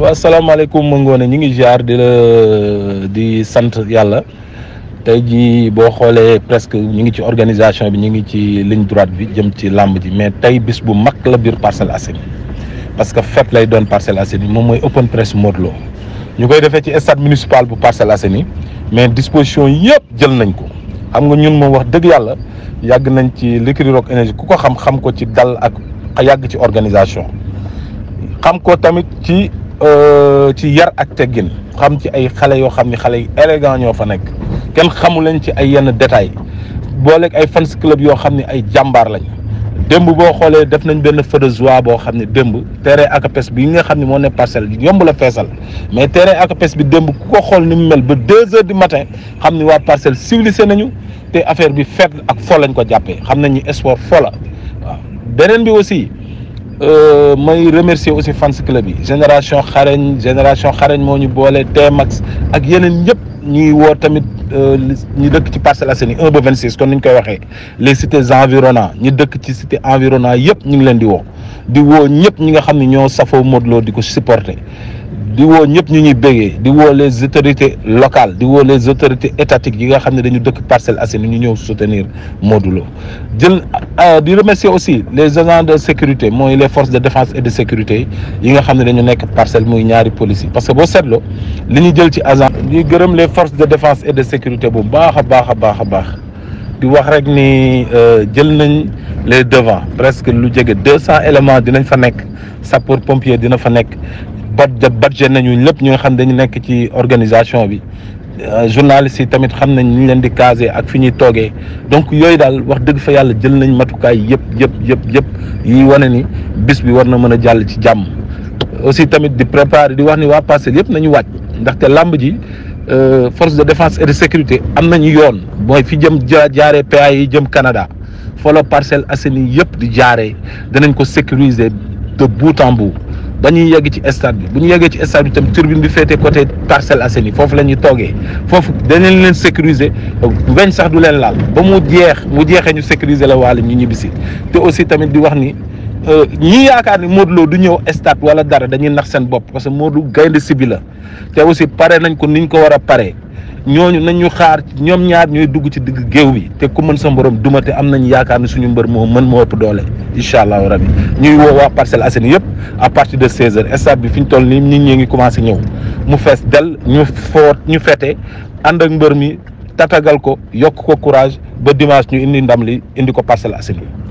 waaw salaamaaleykum ma ngoone ñu ngi jaar di la di sant yàlla tey jii boo xoolee presque ñu ngi ci organisation bi ñu ngi ci ligne droite bi jëm ci làmb ji mais tey bis bu mag la biir Parcelles Assainies parce que fête lay doon parcel Assainies moom mooy open press Modou ñu koy defee ci stade municipal bu Parcelles Assainies mais disposition yëpp jël nañ ko xam nga ñun moom wax dëgg yàlla yàgg nañ ci l'écurie Rock Énergie ku ko xam xam ko ci dal ak yàgg ci organisation ci. Euh, ci yar ak teggin xam ci ay xale yoo xam ne xale yu élégant ñoo fa nekk kenn xamu leen ci ay yenn détails booleeg ay fans club yoo xam ne ay jàmbaar lañ démb boo xoolee def nañ benn feu de joie boo xam ne démb terrain ACAPES bi nga xam ne moo ne parcelle yomb la feesal mais terrain ACAPES bi démb ku ko xool ni mu mel ba deux heures di matin xam ni waa parcelle civilisé nañu te affaire bi fête ak fool lañ ko jàppee xam nañu ni sport fo waaw beneen bi aussi. Euh, may remercier aussi fans club yi génération xarañ génération xarañ moo ñu boole Tmax ak yeneen ñëpp ñuy woo tamit euh, ñi dëkk ci Parcelles Assainies 1 ba 26 kon ni ñu koy waxe les cités environnantes ñi dëkk ci cité environnant yëpp ñu ngi leen di woo di woo ñëpp ñi nga xam ne ñoo safoo Modou di ko supporter di woo ñëpp ñu ñuy béggee di woo les autorités locales di woo les autorités étatiques yi nga xam ne dañu dëkk Parcelles Assainies ñu ñëw soutenir Modou Lo jël euh, di remercier aussi les agents de sécurité mooy les forces de défense et de sécurité yi nga xam ne dañu nekk parcelle muy ñaari police yi parce que boo seetloo li ñu jël ci agent ñuy gërëm les forces de défense et de sécurité bu baax a baax a baax a baax di wax rek ni euh, jël nañ les devants presque lu jege deux cents éléments dinañ fa nekk sapeur pompier dina fa nekk budget budget nañu lépp ñu nga xam dañu nekk ci organisation bi euh, journalistes yi tamit xam nañ ñu leen di caser ak fi ñuy toogee donc yooyu daal wax dëgg fa yàlla jël nañ matukaay yëpp yëpp yëpp yëpp yi wane ni bis bi war na mën a jàll ci jàmm aussi tamit di préparer di wax ni waa Parcelles yëpp nañu wàcc ndaxte làmb ji euh, force de défence et de sécurité am nañu yoon mooy fi jëm jaaree PA yi jëm Canada folo Parcelles Assainies yëpp di jaare danañ ko sécuriser de bout dañuy yegg ci stade bi bu ñu yeggee ci stade bi tam turbine bi féete côté Parcelles Assainies foofu la toogee foofu danañ leen sécuriser weñ sax du leen laal ba mu jeex mu jeexee ñu sécuriser la waale ñu ñibbisi te aussi tamit di wax ni. Euh, ñi yaakaar ni Modou du ñëw state wala dara dañuy nax seen bopp parce que Modou gaynde sibi la te aussi pare nañ ko niñ ko war a paree ñooñu nañ ñu xaar ñoom ñaar ñooy dugg ci digg géew bi te ku mën sa mborom duma am nañ yaakaar ni suñu mbër moo mën moo ëpp doole incha allahu rabi ñuy woo waa Parcelles yëpp à partir de 16h stade bi fi ñu toll nii nit ñi ngi commencé ñëw mu fees del ñu foot ñu fete ànd ak mbër mi tatagal ko yokk ko courage ba dimanche ñu indi ndam li indi ko Parcelles Assainies